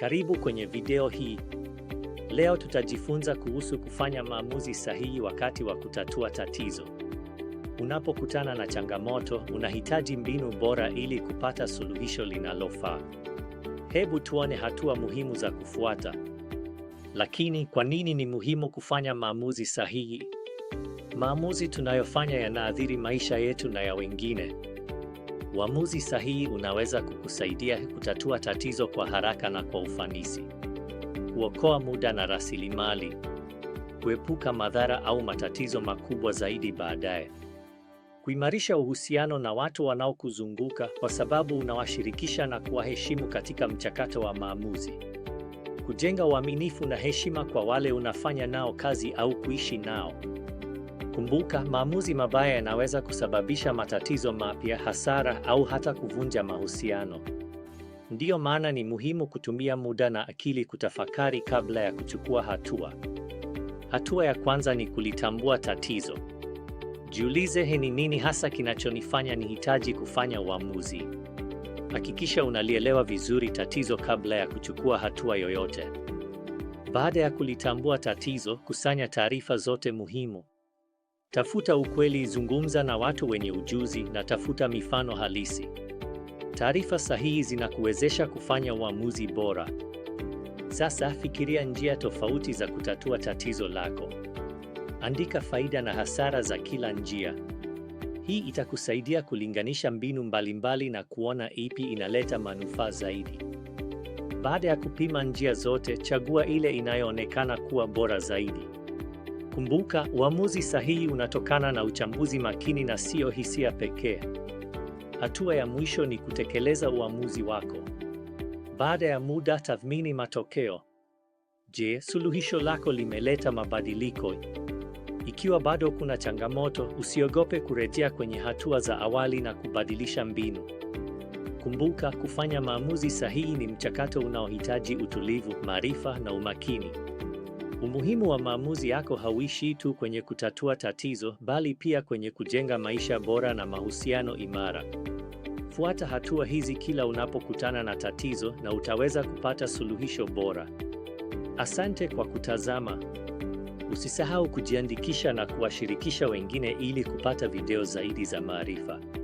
Karibu kwenye video hii. Leo tutajifunza kuhusu kufanya maamuzi sahihi wakati wa kutatua tatizo. Unapokutana na changamoto, unahitaji mbinu bora ili kupata suluhisho linalofaa. Hebu tuone hatua muhimu za kufuata. Lakini kwa nini ni muhimu kufanya maamuzi sahihi? Maamuzi tunayofanya yanaathiri maisha yetu na ya wengine. Uamuzi sahihi unaweza kukusaidia kutatua tatizo kwa haraka na kwa ufanisi, kuokoa muda na rasilimali, kuepuka madhara au matatizo makubwa zaidi baadaye, kuimarisha uhusiano na watu wanaokuzunguka kwa sababu unawashirikisha na kuwaheshimu katika mchakato wa maamuzi, kujenga uaminifu na heshima kwa wale unafanya nao kazi au kuishi nao. Kumbuka, maamuzi mabaya yanaweza kusababisha matatizo mapya, hasara au hata kuvunja mahusiano. Ndiyo maana ni muhimu kutumia muda na akili kutafakari kabla ya kuchukua hatua. Hatua ya kwanza ni kulitambua tatizo. Jiulize, he, ni nini hasa kinachonifanya nihitaji kufanya uamuzi? Hakikisha unalielewa vizuri tatizo kabla ya kuchukua hatua yoyote. Baada ya kulitambua tatizo, kusanya taarifa zote muhimu. Tafuta ukweli, zungumza na watu wenye ujuzi na tafuta mifano halisi. Taarifa sahihi zinakuwezesha kufanya uamuzi bora. Sasa fikiria njia tofauti za kutatua tatizo lako. Andika faida na hasara za kila njia. Hii itakusaidia kulinganisha mbinu mbalimbali na kuona ipi inaleta manufaa zaidi. Baada ya kupima njia zote, chagua ile inayoonekana kuwa bora zaidi. Kumbuka, uamuzi sahihi unatokana na uchambuzi makini na siyo hisia pekee. Hatua ya mwisho ni kutekeleza uamuzi wako. Baada ya muda, tathmini matokeo. Je, suluhisho lako limeleta mabadiliko? Ikiwa bado kuna changamoto, usiogope kurejea kwenye hatua za awali na kubadilisha mbinu. Kumbuka, kufanya maamuzi sahihi ni mchakato unaohitaji utulivu, maarifa na umakini. Umuhimu wa maamuzi yako hauishi tu kwenye kutatua tatizo, bali pia kwenye kujenga maisha bora na mahusiano imara. Fuata hatua hizi kila unapokutana na tatizo na utaweza kupata suluhisho bora. Asante kwa kutazama. Usisahau kujiandikisha na kuwashirikisha wengine ili kupata video zaidi za maarifa.